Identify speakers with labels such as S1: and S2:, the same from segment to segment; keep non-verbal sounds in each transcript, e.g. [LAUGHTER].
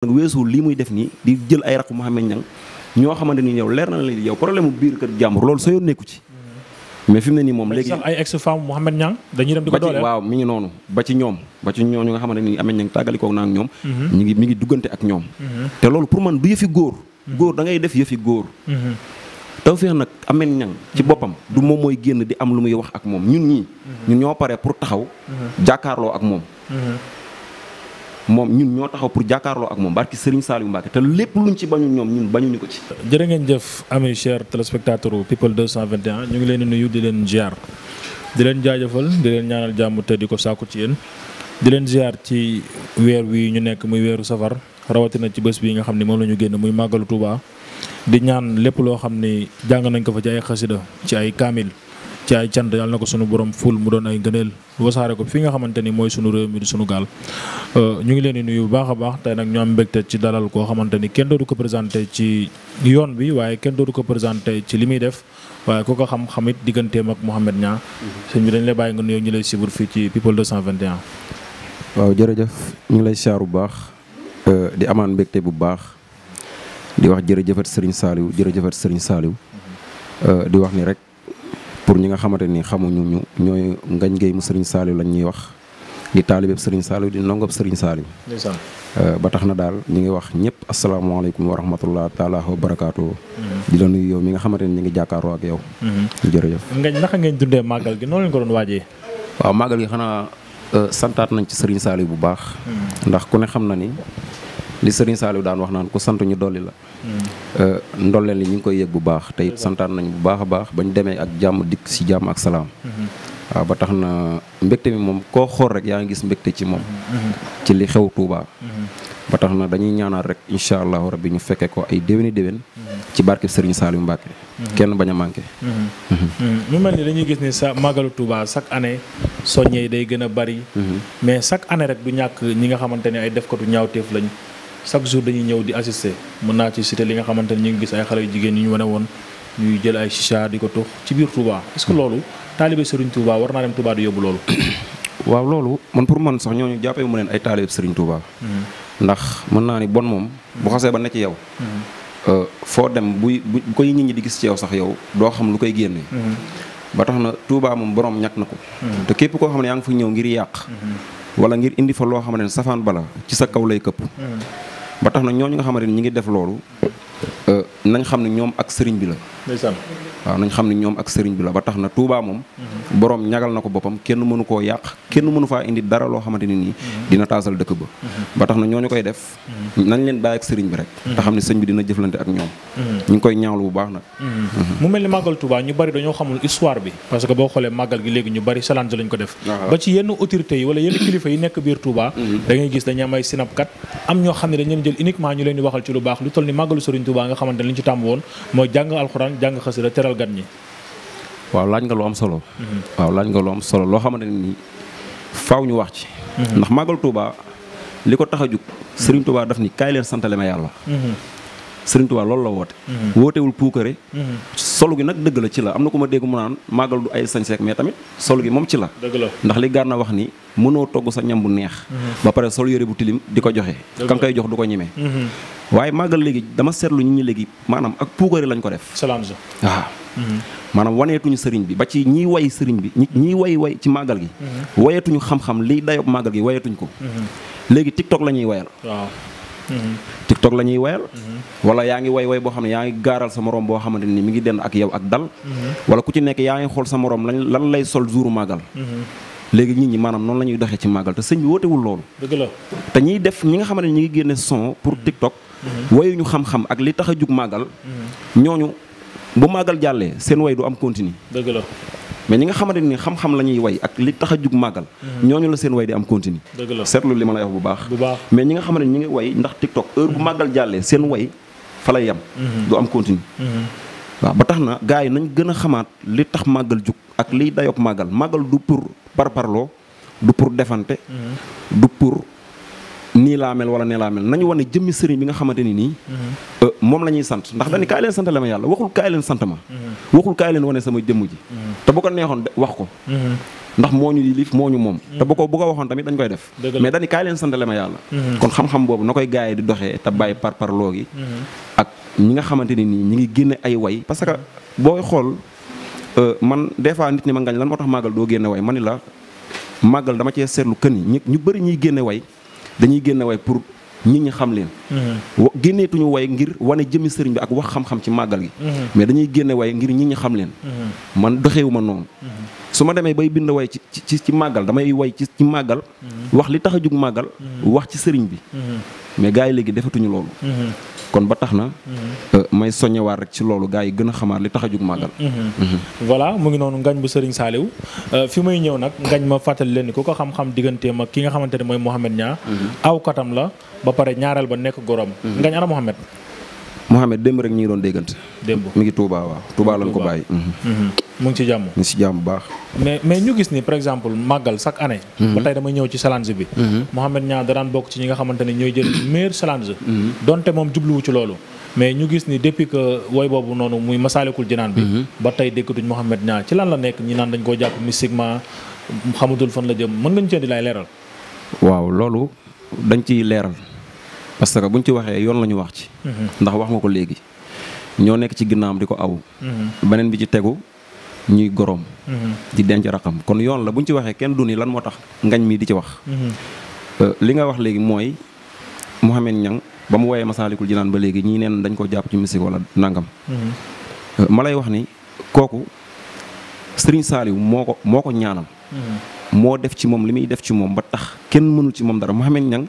S1: nag weesu lii muy def nii di jël ay rakku Mouhamed Niang ñoo xamante ni yow leer na la yow problème mu biir kër jàmbur loolu soo yoon nekku ci mais fi mu ne nii moom léegi
S2: ay ex femme Mouhamed Niang ngi
S1: noonu ba ci ñoom ba ci ñoom ñu nga xamante ni amee ñang tàggalikoog naa ak ñoom ñu mhm. ngi duggante ak ñoom mhm. te loolu pour man du yëfi góor mhm. góor da ngay def yëfi góor Tawfekh nag amee ñang ci boppam du moom mooy génn di am lu muy wax ak moom ñun ñii ñun ñoo pare pour moom ñun ñoo taxaw pour jàkkaarloo ak moom
S2: barki Serigne Saliou Mbacke te lépp luñ ci bañu ñoom ñun bañuñu ko ci. jërë ngeen jëf ami cher téléspectateur people 221 ñu ngi leen di nuyu di leen ziar di leen jaajëfal di leen ñaanal jàmm te di ko sàkku ci yéen di leen ziar ci weer wi ñu nekk muy weeru safar rawatina ci bés bi nga xam ne moom la ñu génn muy màggalu Touba di ñaan lépp loo xam ni jàng nañ ko fa ci ay xasida ci ay kaamil. ci ay cant yàlla na ko sunu borom ful mu doon ay ngëneel wasaare ko fi nga xamante ni mooy sunu réew mi di sunu gaal euh, ñu ngi leen di nuy bu baax a baax tey nag ñu am mbégte ci dalal koo xamante ni kenn dootu ko présenté ci yoon bi waaye kenn dootu ko présenté ci li muy def waaye ku ko xam-xam it digganteem ak Mouhamed Niang sëñ bi dañ lay bàyyi nga nuyoo ñu lay suivre fii ci People 221.
S1: waaw jërëjëf ñu ngi lay siyaar bu baax euh, di amaan mbégte bu baax di wax jërëjëfat Serigne Saliou jërëjëfat Serigne Saliou euh, pour ñi nga xamante ni xamuñu ñu ñooy ngañ géey mu Serigne Saliou lañ ñuy wax di taalibeeb Serigne Saliou di nongob Serigne Saliou euh, ba tax na daal ñu ngi wax ñëpp asalaamaaleykum wa rahmatullah taala wa barakaatu. Mm-hmm. di la nuy yow mi nga xamante ni ñu ngi jàkkaaroo ak yow. Mm-hmm. jërëjëf. ngañ
S2: naka ngeen dundee màggal gi noonu lañ ko doon waaje
S1: waaw màggal gi xanaa euh, santaat nañ ci Serigne Saliou bu baax. Mm-hmm. ndax ku ne xam na ni li Serigne Saliou daan wax naan ku sant ñu dolli la. Euh, ndolle li ñu ngi koy yëg bu baax tey it santaan nañ bu baax a baax ba demee ak jàmm dikk si jàmm ak salaam. Mm-hmm. waaw ba tax na mbégte mi moom koo xool rek yaa ngi gis mbégte ci moom. Mm-hmm. ci li xew Touba. Mm-hmm. ba tax na dañuy ñaanal rek incha allahu rabbi ñu fekkee ko ay déwéni déwén. ci barke Serigne Saliou Mbacke. kenn bañ a manqué.
S2: mel ni dañuy gis ni sa màggalu Touba chaque année soññe yi day gën a bari. mais chaque année rek du ñàkk ñi nga xamante ne ay defkatu ñaawteef lañu. chaque jour dañuy ñëw di assister mën naa ci cité li nga xamante ni ñu ngi gis ay xale yu jigéen yu ñu wane woon ñuy jël ay chicha di ko tux ci biir Touba est-ce que war naa dem Touba di yóbbu loolu. [COUGHS]
S1: waaw loolu man pour man sax ñooñu jàppee mu leen ay taalibe Serigne Touba. Hmm. ndax mën naa ni bon moom. bu hmm. xasee ba ne ci yow. Hmm. Euh, foo dem bu bu koy nit ñi di gis ci yow sax yow doo xam lu koy génne. ba tax na Touba moom borom ñàkk na ko. te képp koo xam ne yaa ngi ñëw ngir yàq. wala ngir indi fa loo xam ne safaan bala ci sa kaw lay këpp. ba tax na ñooñu nga xamante ne ñi ngi def loolu euh, euh, nañ xam ne ñoom ak sëriñ bi la. waaw nañ xam ne ñoom ak sëriñ bi la ba tax na Touba moom borom ñagal na ko boppam kenn mënu koo yàq kenn mënu faa indi dara loo xamante ni ñu ni ko def ba ci
S2: yenn autorités yi wala yenn kilifa yi nekk biir Touba da gis dañu am sinapkat am ñoo xam ne dañ leen jël uniquement ñu leen di waxal ci lu baax lu toll ni màggalu sëriñ Touba nga xamante ne liñ ci tàmm woon mooy jàng alxuraan jàng xasida yaatal gan ñi.
S1: waaw laaj nga lu am solo. waaw laaj nga lu loo xamante ne nii faaw ñu wax ci. ndax màggal Touba li ko tax a jug. Serigne Touba daf ni kaay leen santale ma yàlla. Serigne Touba loolu la woote. wootewul puukare. solo gi nag dëgg la ci la am na ku ma dégg mu naan màggal du ay sañseek mais tamit solo gi moom ci la. dëgg la ndax li gaar na wax ni mënoo togg sa ñam bu neex. Mhm. ba pare sol yére bu tilim di ko joxe. kan koy jox du ko ñemee. Mhm. waaye màggal léegi dama seetlu nit ñi léegi maanaam ak puukare maanaam waneetuñu sëriñ bi ba ci ñiy way sëriñ bi ñiy way way ci màggal gi mhm. wayeetuñu xam-xam liy dayob màggal gi wayeetuñ ko mhm. léegi tiktok la ñuy wayal
S3: waaw mhm.
S1: tiktok la ñuy wayal wala yaa ngi way way boo xam ne yaa ngi gaaral sa morom boo xamante ni mi ngi dend ak yow ak dal wala ku ci nekk yaa ngi xool sa morom lan lan lay sol jouru màggal léegi nit ñi maanaam noonu la ñuy doxee ci màggal te sëñ bi wootewul loolu dëgg la te ñiy def ñi nga xamante ni ñi ngi génne son pour tiktok wayuñu xam a bu màggal jàllee seen way du am continue dëgg la mais ñi nga xamante ni xam-xam la ñuy way ak li tax a jug màggal ñoo mhm. ñooñu la seen way di am continue dëgg la seetlu li ma lay wax bu baax bu baax mais ñi nga xamante ni ñi ngi way ndax TikTok heure bu mhm. màggal jàllee seen way fa lay yem mhm. du am continue waaw ba tax na gaa yi nañ gën a xamaat li tax màggal jug ak liy dayoog màggal màggal du pour parparloo du pour defante du pour nii laa mel wala nee laa mel nañu wane jëmmi sëriñ bi nga xamante ni nii mhm. euh, moom lañuy sant ndax dañu kaay leen sant la ma yàlla waxul kaay leen sant ma mhm. waxul kaay leen wane sama jëmm ji mhm. te bu ko neexoon wax ko ndax moo ñu yilif moo ñu moom te bu ko bu ko waxoon tamit dañ koy def mais dañu kaay leen sant la ma yàlla kon xam-xam boobu na koy gaay di doxee te bàyyi par par loogi ak ñi nga xamante ni nii ñi ngi génne ay way parce que booy xool euh, man dee fois nit ma ngañ lan moo tax màggal doo génne way man la màggal dama cee seetlu kën yi ñu bëri ñuy génne way dañuy génne way pour ñi ñi xam leen. Mhm. génneetuñu way ngir wane jëmmi sëriñ bi ak wax xam-xam ci màggal yi mhm. mais dañuy génne way ngir ñi ñi xam leen. Mhm. man doxewu ma noonu. su ma demee bay bind way ci ci ci màggal damay way ci ci màggal. wax li tax a jug màggal. wax ci sëriñ bi. mais gars yi léegi defatuñu loolu. Mhm. kon ba tax na. Mhm. Euh, may soññewaat rek ci loolu gars yi gën a xamaar li tax a jug màggal.
S2: Mhm. voilà mu ngi noonu ngañ bu Serigne Saliou euh, fi may ñëw nag ngañ ma fàttali leen ni ku ko xam-xam digganteem ak ki nga xamante ne mooy Mouhamed Niang aw la ba pare ñaareel ba nekk gorom ngañ ana Mouhamed.
S1: Mouhamed démb rek ñu ngi doon déggante. démb mi ngi Touba waaw Touba lañ ko bàyyi. Mhm.
S2: Mhm. mu ngi ci jàmm baax. mais mais ñu gis ni par exemple màggal chaque année. Mhm. ba tey dama ñëw ci challenge bi. Mouhamed Niang da daan bokk ci ñi nga xamante ne ñooy jël [COUGHS] meilleur challenge. donte moom jubluwu ci loolu. mais ñu gis ni depuis que woy boobu noonu muy masaalikul jinaan bi. ba tey déggatuñ Mouhamed Niang ci lan la nekk ñi naan dañ koo jàpp mystiquement xamatul fan la jëm mën nga ñu cee di lay leeral.
S1: waaw loolu dañ ciy leeral. parce que buñ ci waxee yoon la ñu wax ci. Mhm. ndax wax nga ko léegi ñoo nekk ci ginnaam di ko aw. Mhm. beneen bi ci tegu ñuy goroom. Mhm. di denc raqam kon yoon la buñ ci waxee kenn du ni lan moo tax ngañ mi di ci wax. Euh, li nga wax léegi mooy Mouhamed Niang ba mu woyee Masaalikul Jinaan ba léegi ñii neen dañ ko jàpp ci musique wala nangam. Euh, ma lay wax ni kooku Serigne Saliou moo ko moo ko ñaanal. moo def ci moom li muy def ci moom ba tax kenn mënul ci moom dara Mouhamed Niang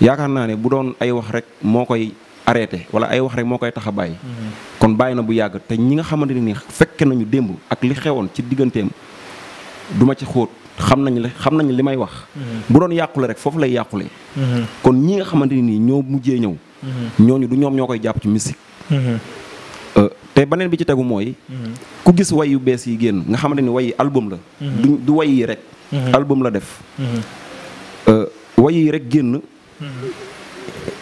S1: yaakaar naa ne bu doon ay wax rek moo koy arrêté wala ay wax rek moo koy tax a bàyyi. Mm-hmm. kon bàyyi na bu yàgg te ñi nga xamante ne nii fekke nañu démb ak li xewoon ci digganteem duma ci xóot xam nañ la xam nañ li may wax. Mm-hmm. bu doon yàqule rek foofu lay yàqule. Mm-hmm. kon ñi nga xamante ni nii ñoo mujjee ñëw. ñooñu du ñoom ñoo koy jàpp ci musique. Euh, te beneen bi ci tegu mooy. ku gis way yu bees yi génn nga xamante ni way yi album la. du du way yi rek. album la def. Euh, way yi rek génn.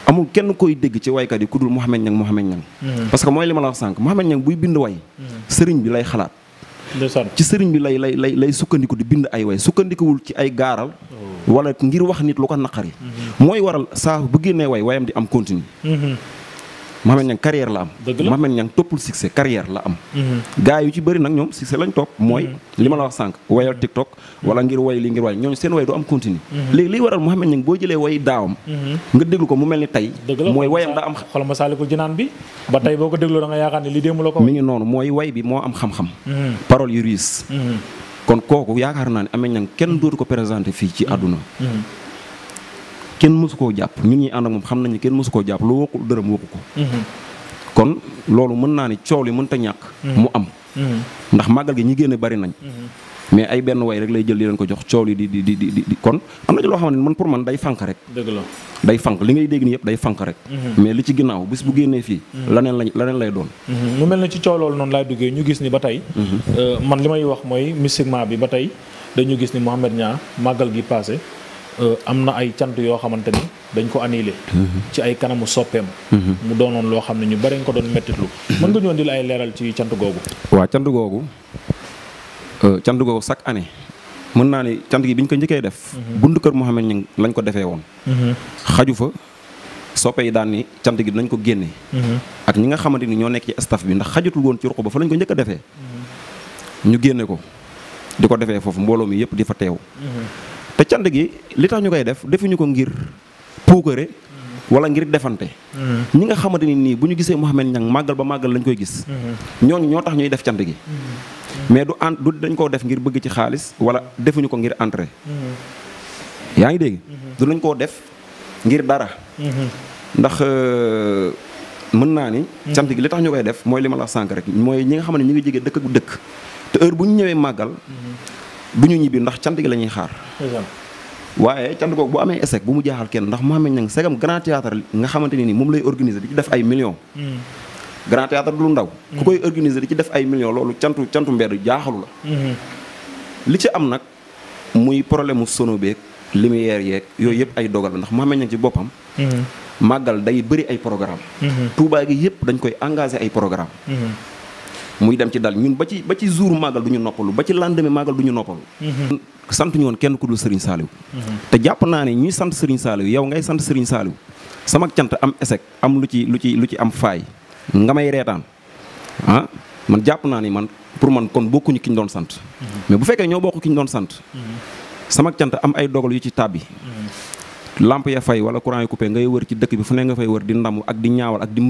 S1: amul kenn koy dégg ci waykat yi ku dul Mouhamed Niang Mouhamed Niang hmm. parce que mooy li ma la wax sànq Mouhamed Niang buy bind way hmm. sëriñ bi lay xalaat ci sëriñ bi lay lay lay lay sukkandiku di bind ay way sukkandikuwul ci ay gaaral oh. wala ngir wax nit lu ko naqari hmm. mooy waral saa bu génnee way wayam di am continue Mouhamed Niang carrière la am. dëgg la Mouhamed Niang toppul succès carrière la am. Mhm. gars yu ci bëri nag ñoom succès lañ topp mooy. Mhm. li ma la wax sànq wayal TikTok. wala ngir way li ngir way ñooñu seen way du am continue mhm. léegi liy waral Mouhamed Niang boo jëlee way daawam. nga déglu ko mu mel ni tey. mooy wayam daa am xam-xam. parole yu riis. kon kooku yaakaar naa ne amee ñang kenn dootu ko présenté fii ci àdduna kenn mësu koo jàpp ñun ñuy ànd ak moom xam nañu kenn mësu koo jàpp lu waxul dërëm waxu ko. Mhm. kon loolu mën naa ni coow li mënta ñàkk. Mhm. mu am. Mhm. ndax màggal gi ñi génne bari nañ. mais ay benn way rek lay jël di leen ko jox coow li di di di di kon am na ci rek. dëgg la day li ngay dégg nii yëpp day fank rek. li ci ginnaaw bis bu génnee fii. laneen lañ laneen lay
S2: na ci coow loolu noonu laay duggee ñu gis ni ba tey. Euh, man li may wax mooy musiquement bi ba tey dañu gis ni Mouhamed Niang màggal gi passé Euh, am na ay cant yoo xamante ni dañ ko annulé. ci ay kanamu soppeem. mu doonoon loo xam ne ñu bari nga ko doon mettitlu mën nga ñëw di la ay leeral ci cant googu.
S1: waaw cant googu euh, cant googu chaque année mën naa ni cant gi bi ñu ko njëkkee def. Mhm. buntu kër Mouhamed Niang lañ ko defee woon. Mhm. xaju fa soppe yi daan ni cant gi nañ ko génne. Mhm. ak ñi nga xamante ni ñoo nekk ci staff bi ndax xajatul woon ci ruq ba fa lañ ko njëkk defee. ñu génne ko di ko defee foofu mbooloo mi yëpp di fa teew. te cant gi li tax ñu koy def defuñu ko ngir puukare wala ngir defante. Mm-hmm. ñi nga xamante ni nii bu ñu gisee Mouhamed Niang màggal ba màggal lañu koy gis. Mm-hmm. ñooñu ñoo tax ñuy def cant gi. Mm-hmm. mais du ent du dañ koo def ngir bëgg ci xaalis wala defuñu ko ngir entrée. yaa ngi dégg. du lañ koo def ngir dara. ndax euh, mën naa ni. cant gi li tax ñu koy def mooy li ma sànq rek mooy ñi nga xam ne ñu ngi jege dëkk bu dëkk te heure bu ñu ñëwee màggal. du ñu ñibbi ndax cant gi la ñuy xaar. waaye cant googu bu amee échec bu mu jaaxal kenn ndax Mouhamed Niang segam grand théâtre nga xamante ne ni moom lay organiser di ci def ay millions. Hmm. grand théâtre du ndaw. ku hmm. koy organiser di ci def ay millions loolu cantu cantu mbedd jaaxalu la. Hmm. li ci am nag muy problème mu sono beeg lumière yeeg yooyu yëpp ay dogal la ndax Mouhamed Niang ci boppam. màggal day bëri ay programme Touba gi yëpp dañ koy engagé ay programme muy dem ci dal ñun ba ci ba ci jour màggal du ñu noppalu ba ci lendemain màggal du ñu noppalu mm-hmm. sant ñu woon kenn ku dul Serigne Saliou mm-hmm. te jàpp naa ne ñuy sant Serigne Saliou yow ngay sant Serigne Saliou sama cant am échec am lu ci lu ci lu ci am faay nga may reetaan ah man jàpp naa ni man pour man kon bokkuñu ki doon sant mm-hmm. mais bu fekkee ñoo bokk ki ñu doon sant sama cant am ay dogal yu ci tàbbi lamp ya fay wala courant yi coupé ngay wër ci dëkk bi fu ne nga fay wër di ndamu ak di ñaawal ak di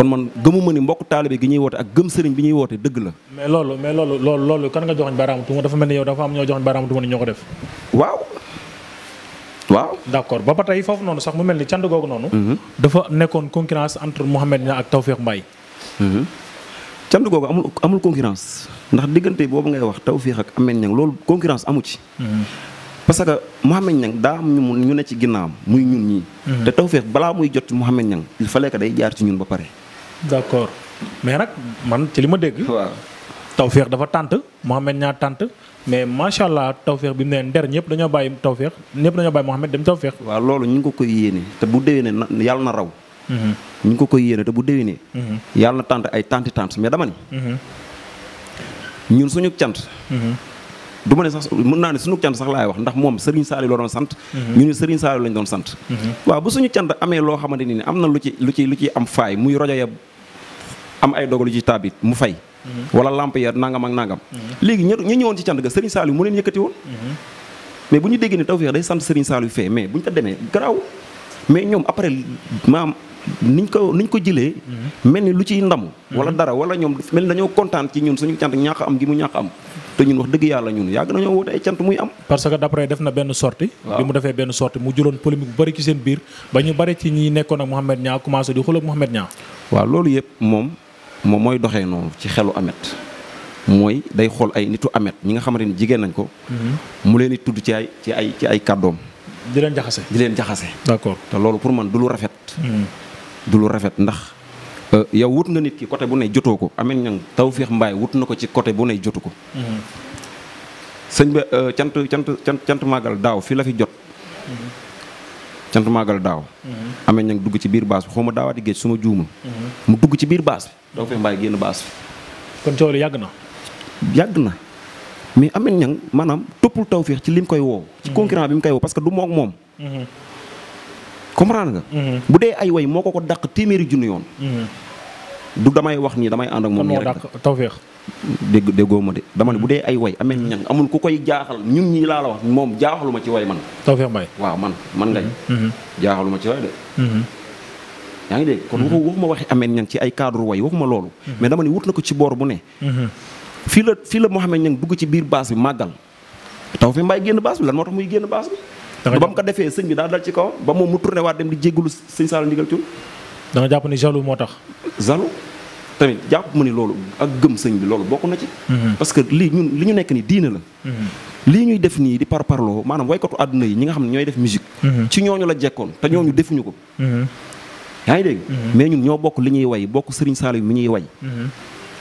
S1: kon man gëmuma ni mbokk taalibe gi ñuy woote ak gëm sëriñ bi ñuy woote dëgg la.
S2: mais loolu mais loolu loolu loolu kan nga joxoñ baaraamu dafa mel ni yow dafa am ñoo joxoñ baaraamu ni ñoo ko def. waaw. waaw ba ba tey foofu noonu sax mu mel ni cant googu noonu. Mhm. dafa nekkoon concurrence entre Mouhamed Niang ak Tawfekh Mbaye. Mhm. cant googu amul
S1: amul concurrence ndax diggante boobu ngay wax Tawfekh ak Mouhamed Niang loolu concurrence amu ci. Mhm. parce que Mouhamed Niang daa am ñu ñu ne
S2: d' accord mais nag man ci li ma dégg. waaw tawféex dafa tànt Mouhamed ñaar tànt mais macha allah tawféex bi mu ne nder ñëpp dañoo bàyyi tawféex ñëpp dañoo bàyyi Mouhamed dem tawféex.
S1: waaw loolu ñu ngi ko koy yéene te bu déwénee na yàlla na
S2: mhm.
S1: mhm. tànt ay tànti tànt mais dama ni. Mhm. ñun suñu cant. du ma ne sax mën naa ne suñu cant sax laay wax ndax moom Serigne Saliou la doon sant. ñu ne Serigne Saliou lañ doon sant. waaw bu suñu cant amee loo xamante ni am na lu ci lu ci lu am ay dogalu ci taabit mu fay mhm. wala lamp ya nangam ak nangam mhm. léegi ña ña ñëwoon ci cant ga Serigne Saliou mu leen yëkkati woon mhm. mais bu ñu déggee ne tawfeex day sant Serigne Saliou fee mais bu ñu ko demee garaaw mais ñoom après maam niñ ko niñ ko jëlee mel ni lu ciy ndamu wala dara wala ñoom mel ni dañoo kontaan ci ñun suñu cant ñàkk am gi mu ñàkk am te ñun wax dëgg yàlla ñun yàgg nañoo woote ay cant
S2: muy am parce que d'après def na benn sortie bi mu defee benn sortie mu juloon polémique bu bëri ci seen biir ñi nekkoon ak Mouhamed Niang commencé di xuloo ak Mouhamed Niang
S1: waaw loolu yëpp moom moom mooy doxee noonu ci xelu amet mooy day xool ay nitu amet ñi nga xamante ni jigéen nañ ko mm-hmm. mu leen di tudd ci ay ci ay ci ay kàddoom
S2: di leen jaxase di
S1: leen jaxase d'accord te loolu pour man du lu rafet mm-hmm. du lu rafet ndax euh, yow wut nga nit ki côté bu ne jotoo ko amet ñang Tawfekh Mbaye wut na ko ci côté bu ne jotu ko mm-hmm. sëñ ba euh, cant cant cant màggal daaw fi la fi jot cant màggal daaw. Mm-hmm. amee ña dugg ci biir baas bi xaw ma daawaati géej su ma mm-hmm. mu dugg ci biir baas bi. doo fee mbaay génn baas bi. kon coow yàgg na. yàgg na mais amee ña maanaam toppul tawféex ci lim koy woo. ci mm-hmm. concurrent bi mu koy woo parce que du moog moom. comprendre nga. bu dee ay way moo ko ko dàq téeméeri junni yoon. du damay wax nii damay ànd ak moom. nii rek tawféex. dégg déggoo ma de dama ne bu dee ay way amee ñang hmm. amul ku koy jaaxal ñun ñii laa la wax moom jaaxalu ma ci way man. Tawfekh Mbaye waaw man man ngay hmm. hmm. jaaxalu ma ci way de. yaa ngi dégg kon waxuma waxi amee ñang ci ay cadre way waxuma loolu. mais dama baas bi màggal Tawfekh Mbaye génn baas bi lan moo tax muy génn baas bi. da ba mu ko defee sëñ bi daal dal ci kaw ba moom mu tourné waat dem di jégalu sëñ Saalum ndigal Thioune. da
S2: jàpp ni jaloux moo tax.
S1: jaloux tamit jàpp ma ni loolu ak gëm sëñ bi loolu bokk na ci. Mhm. parce que lii ñun li ñu nekk nii diina la. Mhm. lii ñuy def nii di par parloo maanaam waykatu àdduna yi ñi nga xam ne ñooy def musique. Mhm. ci ñooñu la jekkoon te ñooñu defuñu ko.
S2: yaa ngi dégg. mais ñun ñoo bokk li ñuy way bokk Serigne Saliou mi ñuy way.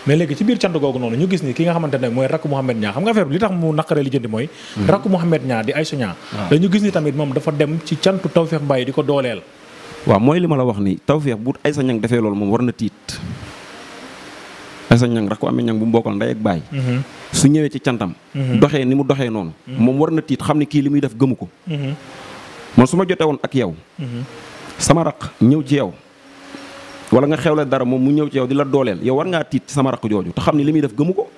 S2: mais ci biir cant googu noonu ñu gis ni ki nga xamante ne mooy rakk Mouhamed Niang xam nga affaire li tax mu naqaree li mooy. rakk Mouhamed Niang di Aïssa Niang. Ah. dañu
S1: la wax ni Tawfekh bu Aïssa Niang Assane Niang rakk ko amee Niang bu mu bokkal ndey ak baay mm-hmm. su ñëwee ci cantam mm-hmm. doxee ni mu doxe noonu mm-hmm. moom war na tiit xam ne kii li muy def gëmu ko man su ma jotee woon ak yow sama raq ñëw ci yow wala nga xewle dara moom mu ñëw ci yow di la dooleel yow war ngaa tiit ci sama raq jooju te xam ne li muy def gëmu ko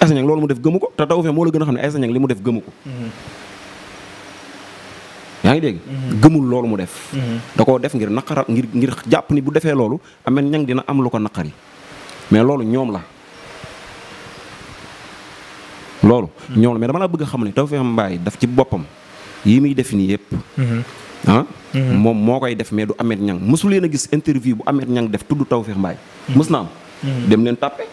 S1: Assane Niang loolu mu def gëmu ko te Tawfekh moo la gën a xam ne Assane Niang li mu def gëmu ko yaa ngi dégg gëmul loolu mu def da koo def ngir naqara ngir ngir jàpp ni bu defee loolu Ameth Niang dina am ko naqari mais loolu ñoom la loolu ñoom la mais dama la bëgg a xam ne Tawfekh Mbaye daf ci boppam yi muy def nii yëpp mhm. ah mhm. moom moo koy def mais du amet Niang mësu leen a gis interview bu amet Niang def tudd Tawfekh Mbaye mhm. mës na am dem leen tàppe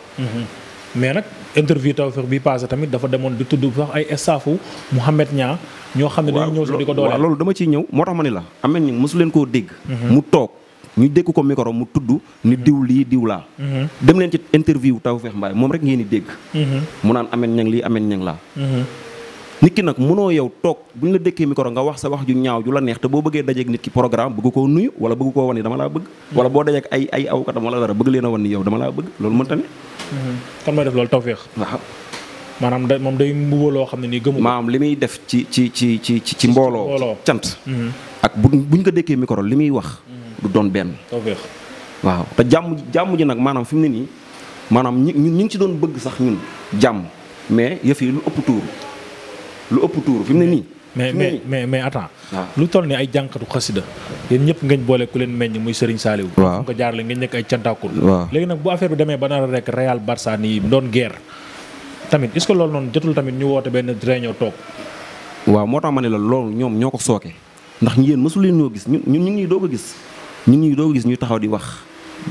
S2: mais nag interview Tawfekh bi passé tamit dafa demoon di tudd sax ay staffu Mouhamed ñaa ñoo xam ne dañu ñëw sax di ko dooleel loolu
S1: dama ciy ñëw moo tax ma ni la Ameth Niang mësu koo dégg mu toog ñu dégg ko micro mu tudd ni diw lii diw laa mhm. dem leen ci interview Tawfekh Mbaye moom rek ngeen di dégg mhm. mu naan amen ñang lii amen ñang laa mhm. nit ki nag mënoo yow toog bu ñu la dëkkee micro nga wax sa wax ju ñaaw ju la neex te boo bëggee dajeeg nit ki programme bëgg koo nuyu wala bëgg koo wan ni dama laa bëgg wala boo dajeeg ay awkatam wala dara bëgg leen a wan ni yow dama laa bëgg loolu mënta ne kan mooy def loolu Tawfekh waaw da moom day mbuba loo xam ne nii gëmu maanaam li muy def ci ci ci du doon benn. waaw te jàmm jàmm ji nag maanaam fi mu ne nii maanaam ñun ñu ngi ci doon bëgg
S2: sax ñun jàmm mais yëf yi lu ëpp tuuru lu ëpp tuuru fi mu ne nii. mais mais mais mais attends. lu toll ni ay jànkatu xasida yéen ñëpp ngeen boole ku leen meññ muy Serigne Saliou. waaw nga jaar jaarale ngeen nekk ay cantaakul. waaw léegi nag bu affaire bi demee ba nar rek Real Barça nii doon guerre. tamit est-ce lool loolu noonu jotul tamit ñu woote benn réunion toog. waaw moo tax ma ne la loolu ñoom ñoo ko sooke
S1: ndax yéen leen ñoo gis ñun gis. ñun ñuy doo gis ñu taxaw di wax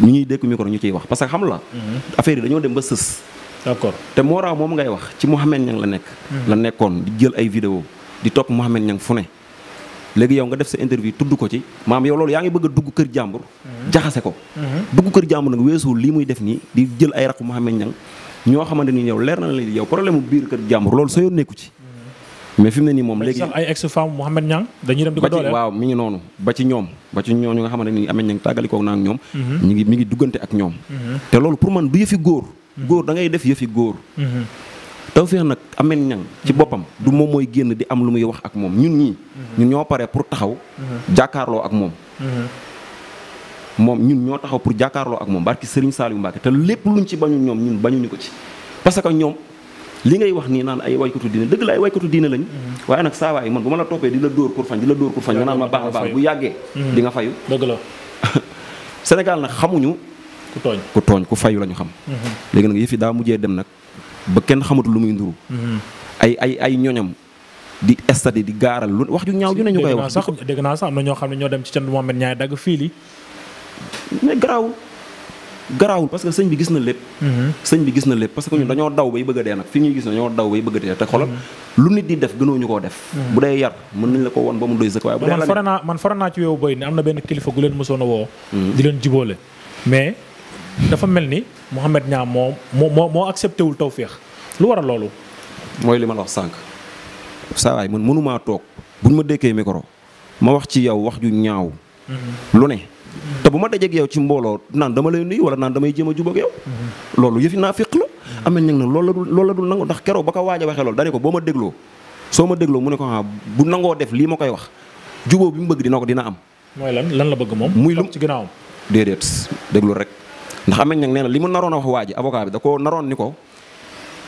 S1: ñu ñuy dékk micro ñu ciy wax parce que xam la mhm. affaire dañoo dem ba sës d'accord te Mora moom ngay wax ci Mouhamed Niang la nekk mhm. la nekkoon di jël ay vidéo di topp Mouhamed Niang fu ne léegi yow nga def sa interview tudd ko ci maam yow loolu yaa ngi bëgg a dugg kër jàmbur mhm. jaxase ko dugg kër jàmbur nag weesuwul lii muy def nii di jël ay raqu Mouhamed Niang ñoo xamante ni yow leer na la yow problème biir kër jàmbur loolu sa yoon nekku ci mais fi mu ne nii moom léegi ay
S2: ex femme Mouhamed Niang waaw
S1: mi ngi noonu ba ci ñoom ba ci ñoom ñu nga xamante ni amee nañ tàggalikoo naa ak ñoom ñu mhm. ngi mi ngi mhm. mhm. da ngay def yëfi góor Tawfekh ci boppam du moom mooy génn di am lu muy wax ak moom ñun ñii ñun ñoo pare pour taxaw jàkkaarloo ak moom moom ñun ñoo taxaw pour jàkkaarloo ak moom barki Serigne Saliou Mbacke te lépp luñ ci bañu ñoom ñun bañuñu ko ci parce ñoom li ngay wax nii naan ay waykatu diine dëgg la ay waykatu diine lañ waaye nag saa man bu ma la toppee di la dóor pour fañ di la dóor pour fañ bu yàggee di nga fayu dëgg la [LAUGHS] Sénégal nag xamuñu ku tooñ ku tooñ ku fayu la ñu xam mhm. léegi nag yëf yi daa mujjee dem nag ba kenn xamatu lu muy nduru mhm. ay ay ay ñoñam di estati di
S2: gaaral lu wax ju ñaaw ju ne ñu koy wax sax dégg naa sax am na ñoo xam ne ñoo dem ci cand Mohamed Ñaay dagg fii li
S1: mais garaawul garaawul parce que sëñ bi gis na lépp mhm. sëñ bi gis na lépp parce que ñun dañoo daw bay bëgg a dee nag fi ñuy gis na ñoo daw bay bëgg a dee te xolal mhm. lu nit di def gënooñu koo def mhm. bu dee yar mën nañ la ko won ba mu doy sëkk waaye bu dee man
S2: naa man fara naa ci yow boy ne am na benn kilifa gu leen mosoon a woo di leen jubóole mais dafa mel ni Mouhamed Niang moo moo moo accepté wul tawféex
S1: lu waral loolu mooy li ma la wax sànq saa waay man mënumaa toog buñ ma dékkee micro ma wax ci yow wax ju ñaaw te bu ma dajeeg yow ci mbooloo naan dama lay nuyu wala naan damay jéem a jubóog yow loolu yëfi naa féq la amel ñag nag lool la dul loolu la dul nangu ndax keroog ba ko waaja a waxee loolu dane ko boo ma dégloo soo ma dégloo mu ne ko ah bu nangoo def lii ma koy wax jubóo bi mu bëgg dina ko dina am
S2: mooy lan lan la bëgg moom muy lu ci ginnaawam
S1: déedéet déglu rek ndax amel ñag li mu naroon a wax waa ji da ko naroon ni ko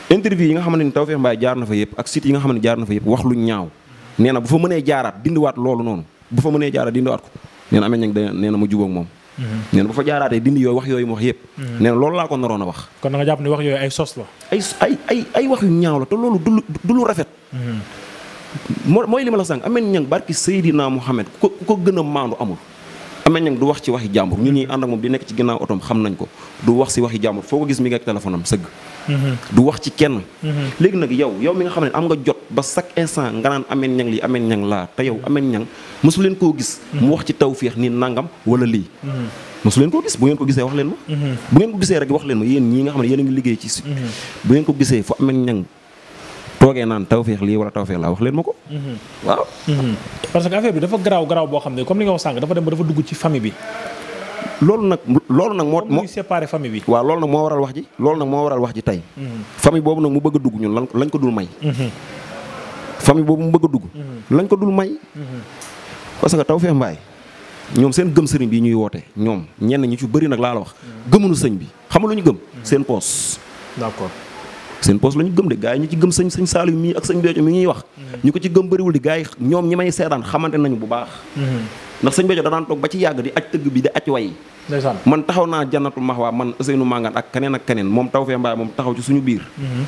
S1: interview yi nga xamante ni Tawfekh Mbaye jaar na fa yëpp ak yi nga xamante ni jaar na fa yëpp wax lu ñaaw nee na bu fa mënee jaaraat dindiwaat loolu noonu bu fa mënee jaaraat dindiwaat ko nee na amee ñang da nee na ma jubóog moom mhm. nee na bu fa jaaraatee dindi yooyu wax yooyu mu wax yëpp mhm. nee na loolu laa ko naroon a wax
S2: kon da nga jàpp ne wax yooyu ay sos la
S1: ay ay ay ay wax yu ñaaw la te loolu du du lu rafet mhm. mooy li ma la sànq amee ñang barki Seydina Mouhamed ku ko gën a maandu amul amee nag du wax ci waxi jàmbur ñun ñuy ànd ak moom di nekk ci ginnaaw otoom xam nañ ko du wax si waxi jàmbur foo ko gis mi ngi ak téléphone am sëgg mm-hmm. du wax ci kenn mm-hmm. léegi nag yow yow mi nga xam ne am nga jot ba chaque instant nga ameen ñang li laa te yow ameen ñang mosu leen koo gis mu mm-hmm. wax ci tawféex ni nangam wala lii mosu leen koo gis bu ngeen ko gisee wax leen ma bu ngeen ko gisee rek wax leen ma yéen ñii nga xam ne yéen a ngi liggéey ci bu ngeen ko gisee fu ameen ñang toogee naan tawféex lii wala tawféex laa wax leen ma ko. Mhm. waaw.
S2: Mhm. parce que affaire bi dafa garaaw garaaw boo xam ne comme li nga wax sànq dafa
S1: dem ba dafa dugg ci famille bi. loolu nag loolu nag moo moo séparé famille bi. waaw loolu nag moo waral wax ji loolu nag moo waral wax ji tey. Mhm. famille boobu nag mu bëgg a dugg lañ ko dul may. a dugg. parce que tawféex mbaay ñoom seen gëm sëriñ bi ñuy woote ñoom ñenn ñi ci bëri nag laa la wax. gëmuñu sëñ bi xamu lu ñu gëm. seen poos. seen poos la ñu gëm de gars yi ñu ci gëm sëñ sëñ Saliou mii ak sëñ Béthio mi ñuy wax mm-hmm. ñu ko ci gëm bëriwul di gars yi ñoom ñi may seetaan xamante nañu bu baax
S2: mm-hmm.
S1: ndax sëñ Béthio da daan toog ba ci yàgg di aj tëgg bi di aj way man taxaw naa jannatul maxwaa man Ousseynou Mangane ak keneen ak keneen moom Tawfekh Mbaye moom taxaw ci suñu biir mm-hmm.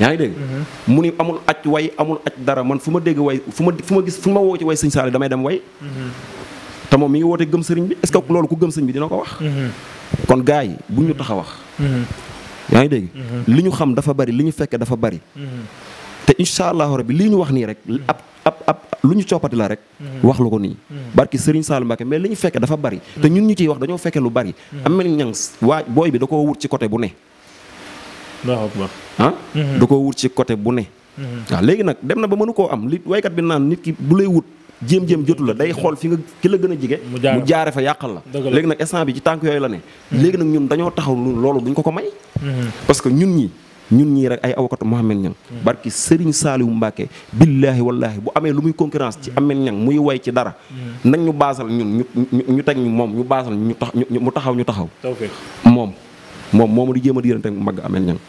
S1: yaa ngi dégg mu ni amul aj way amul aj dara man fu ma dégg way fu ma fu ma gis fu ma woo ci way sëñ Saliou damay dem way te moom mi ngi woote gëm sëriñ bi est-ce que loolu ku ko wax kon gars yi a wax yaa ngi dégg. Mhm. li ñu xam dafa bari li ñu fekke dafa bari. Mhm. te incha allahu rabi lii ñu wax nii rek mhm. ab ab ab lu ñu coppati la rek. wax lu ko nii. barki Serigne Sall Mbacke mais li ñu fekke dafa bari. te ñun ñu ciy wax dañoo fekke lu bari. am nañu ñang waa booy bi da koo wut ci côté bu ne. Ah? da koo wut ci côté bu ne. waaw léegi nag dem na ba mënu koo am li waykat bi naan nit ki bu lay wut. jéem-jéem jotu la day xool fi nga ki la gën a jige mu jaare fa yàqal la léegi nag instant bi ci tànk yooyu la ne hmm. léegi nag ñun dañoo taxaw loolu duñ ko ko may hmm. parce que ñun ñi ñun ñii rek ay awakatu Mohamed Niang hmm. barki Serigne Saliou Mbacke billaahi wallaahi bu amee lu muy concurrence ci Amed Niang muy way ci dara nañ ñu baasal ñun ñu ñu teg ñu moom ñu baasal ñu mu taxaw ñu taxaw moom moom mooma di jéem a diirante mbagg Ameth Niang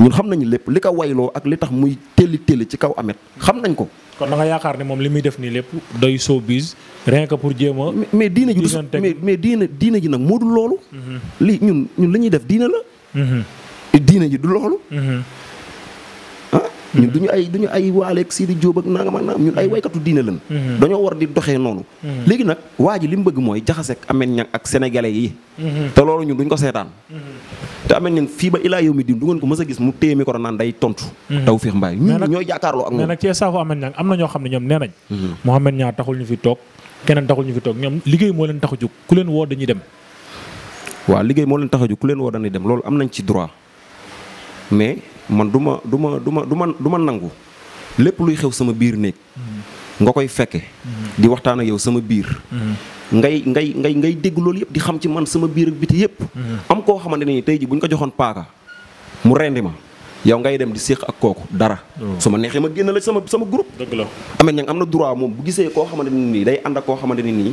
S1: ñun xam nañu lépp li ko wayloo ak li tax muy telli telli ci kaw Ameth xam nañ ko
S2: kon da yaakaar ne moom li muy def nii lépp doy showbiz rien que mais diine ji mais mais diine diine ji nag moo dul loolu mhm. li ñun ñun li ñuy def diine la
S3: mhm.
S1: diina ji du loolu mhm. ñun du ñu ay du ñu ay waaleeg Sidi Diop ak nangam ak nangam ñun ay waykatu diine lañ mhm. dañoo war di doxee noonu mhm. léegi nag waa ji li mu bëgg mooy jaxasek Ameth Niang ak sénégalais yi mhm. te loolu ñun duñ ko seetaan te Ameth Niang fii ba ilaa yow mi din du ngeen ko mës a gis mu téye micro naan day tontu Tawfekh Mbaye ñun ñooy
S2: jàkkaarloo ak moom nag cee saafu Ameth Niang am na ñoo xam ne ñoom nee nañ Mouhamed Niang taxul ñu fi toog keneen taxul ñu fi toog ñoom liggéey moo leen tax a jóg ku leen woo dañuy dem
S1: waaw liggéey moo leen tax a jóg ku leen woo dañuy dem loolu am nañ ci droit mais man du ma du ma du ma du ma du ma nangu lépp luy xew sama biir néeg nga koy fekke di waxtaan ak yow sama biir ngay ngay ngay ngay dégg loolu yëpp di xam ci man sama biir ak biti yëpp am koo xamante ni tey ji bu ñu ko joxoon paaka mu rendi ma yow ngay dem di séq ak kooku dara oh. su ma neexee ma génn la sama sama groupe dëgg la amee ña ngi am na droit moom bu gisee koo xamante ni nii day ànd koo xamante ni nii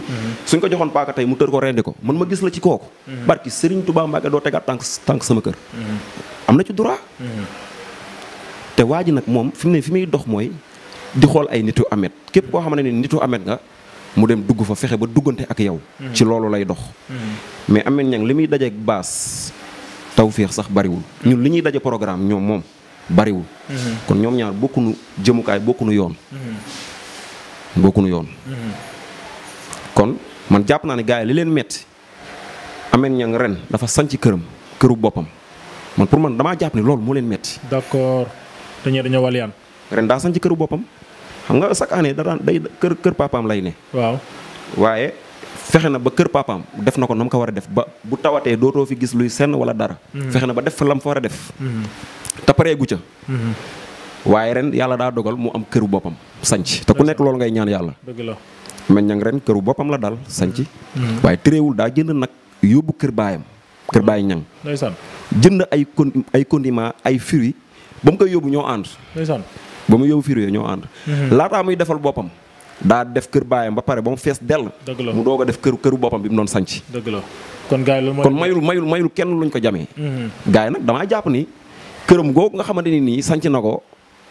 S1: suñ ko joxoon paaka tey mu tër ko rendi ko man ma gis la ci kooku mm-hmm. barki Serigne Touba Mbacke doo tegaat tànk tànk sama kër
S3: mm-hmm.
S1: am na ci droit. te waa ji nag moom fi mu ne fi muy dox mooy di xool ay nitu amet képp koo xam ne nit nitu amet nga mu dem dugg fa fexe ba duggante ak yow. Mm-hmm. ci loolu lay dox. Mm-hmm. mais amet ñang li muy dajeeg baas tawféex sax bariwul ñun li ñuy daje programme ñoom moom bariwul. Mm-hmm. kon ñoom ñaar bokkunu jëmukaay bokkunu yoon. bokkunu yoon. kon man jàpp naa ne gars yi li leen metti amet ñang ren dafa sanc këram këru boppam. man pour man damaa jàpp ni loolu moo leen metti d'accord te ñee dañoo walyaan ren daa sañ ci këru boppam xam nga chaque année da daan day kër kër lay ne. waaw waaye fexe na ba kër papaam def na ko nam mu ko war a def ba bu tawatee dootoo fi gis luy senn wala dara. Mm-hmm. fexe na ba def fa lam fa war a def. Mm-hmm. te pareegu ca. Mm-hmm. waaye ren yàlla daa dogal mu am këru boppam sanc te ku nekk loolu ngay ñaan yàlla. dëgg la man ñang ren këru boppam la daal sañc waaye tëréewul daa jënd nag yóbbu kër baayam kër baay ñang ndeysaan jënd ay con ay condiment ay fruits ba mu koy yóbbu ñoo ànd. ba mu yóbbu fruits ñoo ànd. Mhm. laataa muy defal boppam. daa def kër baayam ba pare ba mu fees dell. mu doog a def kër këru boppam bi mu doon sanc. dëgg la kon gars yi kon mayul mayul mayul kenn luñ ko jamee. Mhm. gars yi nag damaa jàpp ni këram googu nga xamante ni nii sanc na ko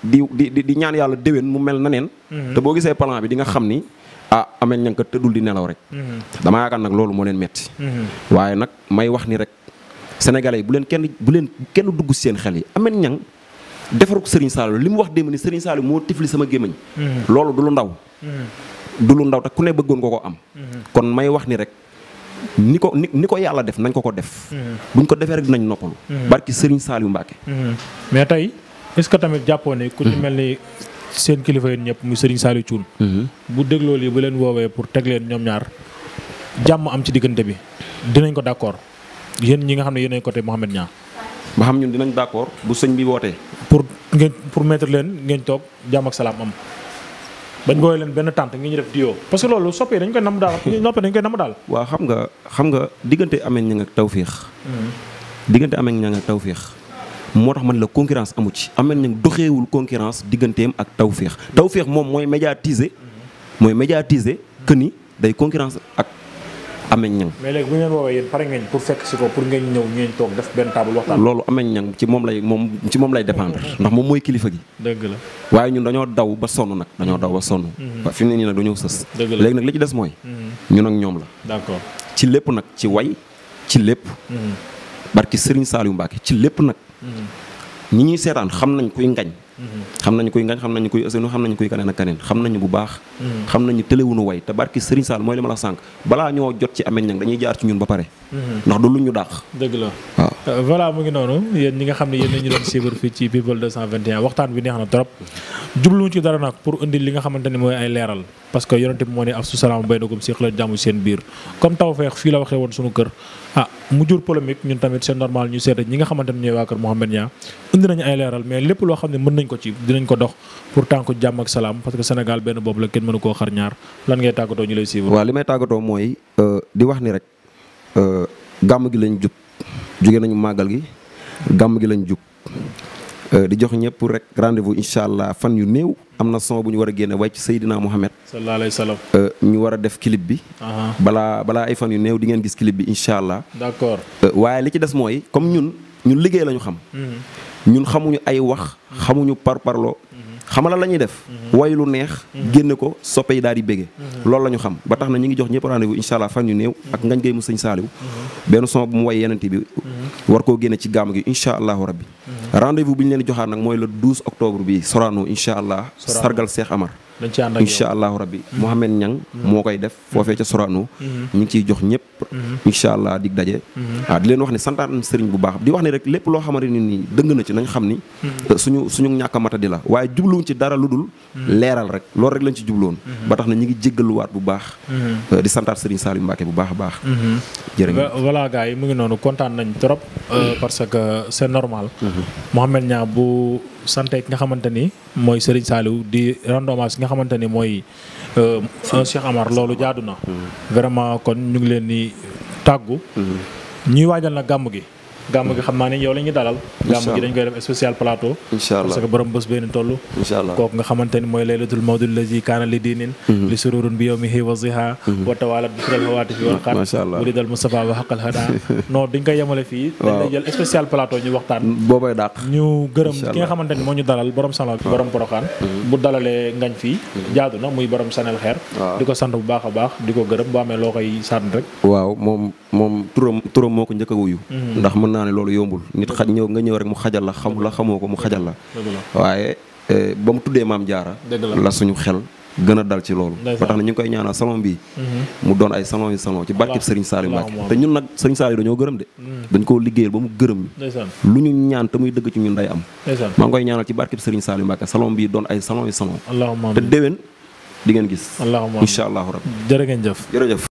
S1: di di di ñaan yàlla déwén mu mel na neen. Mhm. te boo gisee plan bi di nga xam ni a ah, amel ña nga ko tëddul di nelaw rek. dama yaakaar nag loolu moo leen metti waaye nag may wax sénégalais yi bu leen kenn bu leen kenn dugg seen xel yi amet Niang defaru ko Serigne Saliou li mu wax démb ni Serigne Saliou moo tifli sama gémmiñ mm-hmm. loolu du lu ndaw mm-hmm. du lu ndaw te ku ne bëggoon ko ko am mm-hmm. kon may wax ni rek ni ko ni ko yàlla def nañ ko ko def buñ ko defee rek dinañ noppalu barki Serigne Saliou Mbacké
S2: mais tey est-ce que tamit jàppoo ne ku ci mel ni seen kilifa yéen ñëpp muy Serigne Saliou Thioune bu dégloo lii bu leen woowee pour teg leen ñoom ñaar jàmm am ci diggante bi dinañ ko d'accord yéen ñi nga xam ne yéenay côté Mouhamed Niang. ba xam ñun dinañ d'accord bu sëñ bi wootee. pour ngeen pour mettre leen ngeen toog jàmm ak salaam am. bañ booy leen benn tànt ngi ñu def diwo parce loolu soppee dañ koy nam daal [LAUGHS] noppee dañ koy nam daal.
S1: waaw xam nga xam nga diggante amee ña nga tawféex. Hmm. diggante amee ña nga tawféex. moo tax man la concurrence amu ci. amee ña doxeewul concurrence digganteem ak tawféex. tawféex moom mooy médiatiser. Hmm. mooy médiatiser que Ameth Niang.
S2: mais léegi bu ngeen woowee yéen pare ngeen fekk ko pour ngeen ñëw ngeen toog def benn table waxtaan.
S1: loolu Ameth ci moom lay moom ci moom lay dépendre ndax moom mooy kilifa gi. dëgg la waaye ñun dañoo daw ba sonn nag dañoo daw ba sonn. waaw mhm. fi ne nii nag dañoo sës. léegi nag li ci des mooy. Mhm. ñu ak ñoom la. d'accord ci lépp nag ci way ci lépp. Mhm. barki Serigne Saliou Mbacke ci lépp nag. ñi ñuy seetaan xam nañ kuy ngañ xam nañu kuy ngañ xam nañu kuy ësenu xam nañu kuy kaneen ak kaneen xam nañu bu baax mm. xam nañu tëlewunu way te barki Serigne Sall mooy li ma la sànq balaa ñoo jot ci amen ñang dañuy
S2: jaar ci ñun ba pare mm-hmm. ndax du lu ñu dàq dëgg euh, mu ngi noonu yéen ñi nga xam ne yéen nañu doon suivre fii ci People 221 waxtaan bi neex na trop jublu ci dara nag pour indi li nga xamante mooy ay leeral parce que yonent bi moo ne af su salaam baynakum si xalaat jàmm seen biir comme tawfeex fii la waxee woon sunu kër ah mu jur polémique ñun tamit c'est normal ñu seeta ñi nga xamante ne ñooy waa kër Mouhamed Niang indi nañu ay leeral mais lépp loo xam ne mën nañ ko ci dinañ ko dox pour tànku jàmm ak salaam parce que Sénégal benn bopp la kenn mënu koo xar ñaar lan ngay tàggatoo ñu lay suivre. waaw li may tàggatoo mooy euh, di wax ni rek
S1: euh, gàmm gi lañ jub nañu màggal gi gàmm gi lañ jub Euh, di jox ñëpp rek rendez-vous allah fan yu néew am na son bu ñu war a génne way ci Seydina Mohamed.
S2: sallallahu alayhi wa sallam.
S1: Euh, ñu war a def clip bi. balaa balaa ay fan yu néew di ngeen gis clip bi incha allah. d'accord euh, waaye li ci des mooy comme ñun ñun liggéey la xam. Mhm. xamuñu ay wax mhm. xamuñu parparloo. Mhm. xamala la ñuy def. way lu neex. génne ko soppe yi daal loolu la xam ba tax na ñu ngi jox ñëpp rendez-vous incha fan yu néew. ak ngañ gay mu sëñ Saaliw. benn son bu mu way yeneen bi. war koo génne ci gàmm gi incha allahu rabbi rendez-vous bi ñu leen di joxaat mooy le 12 octobre bi Sorano incha allah. sargal Cheikh Amar. dañ ci ànd ak incha allahu rabbi mm-hmm. Mouhamed Niang mm-hmm. moo koy def foofee ca Sorano ñu mm-hmm. ciy jox ñëpp incha allah dig daje waaw ah, di leen wax ne santaan sëriñ bu baax di wax ne lépp loo xamante ni nii dëng na ci nañ xam ni eh, suñu suñu ñàkk a matadi la waaye jubluwuñ ci dara lu dul leeral rek loolu rek lañ ci jubloon ba tax na ñu ngi jéggaluwaat bu baax eh, di santaat sëriñ Saliou Mbacké bu baax a baax jërëjëf
S2: voilà gars yi mu ngi noonu kontaan nañ trop euh, parce que c'est normal Mouhamed Niang bu sante ki nga xamante ni mooy Serigne Saliou di rendre hommage nga xamante ni mooy euh, Cheikh Amar loolu jaadu na. Mm. vraiment kon ñu ngi leen ni tàggu. Mm. ñuy waajal na gàmm gi. gàmm gi xam naa ne ñu dalal. gàmm gi dañ koy def spécial plateau. borom bés benn toll. incha allah kooku nga xamante ni mooy laylatul mawdul lazi kaana li diinin. Mhm. li sururun bi yawmihi wa ziha. Mhm. wa tawalat bi firal hawaati fi wal xar. macha allah wuli dal Mustafa wa xaqal hada. [LAUGHS] non dañ koy yemale fii. waaw dañ jël spécial plateau ñu waxtaan. boobay dàq. ñu gërëm ki nga xamante moo ñu dalal borom salon borom poroxaan. Mhm. bu dalalee ngañ fii. jaadu na muy borom sanel a
S1: moom turam turam moo ko njëkk a wuyu mhm. ndax mën naa ne loolu yombul nit xaj nga ñëw rek mu xajal la xamul la xamoo ko mu xajal la waaye eh, ba mu tuddee maam jaara la suñu xel gën a dal ci loolu ba tax na ñu ngi koy ñaanal salon bi mhm. mu doon ay salon yu salon ci barkeb Serigne Saliou Mbacké te ñun nag Serigne Saliou dañoo gërëm de mhm. dañ koo ba mu gërëm ñu lu ñu ñaan te muy dëgg ci ñun day am maa ngi koy ñaanal ci barkeb Serigne Saliou Mbacké salon bi doon ay salon di ngeen gis incha allahu rabbi jërë ngeen jëf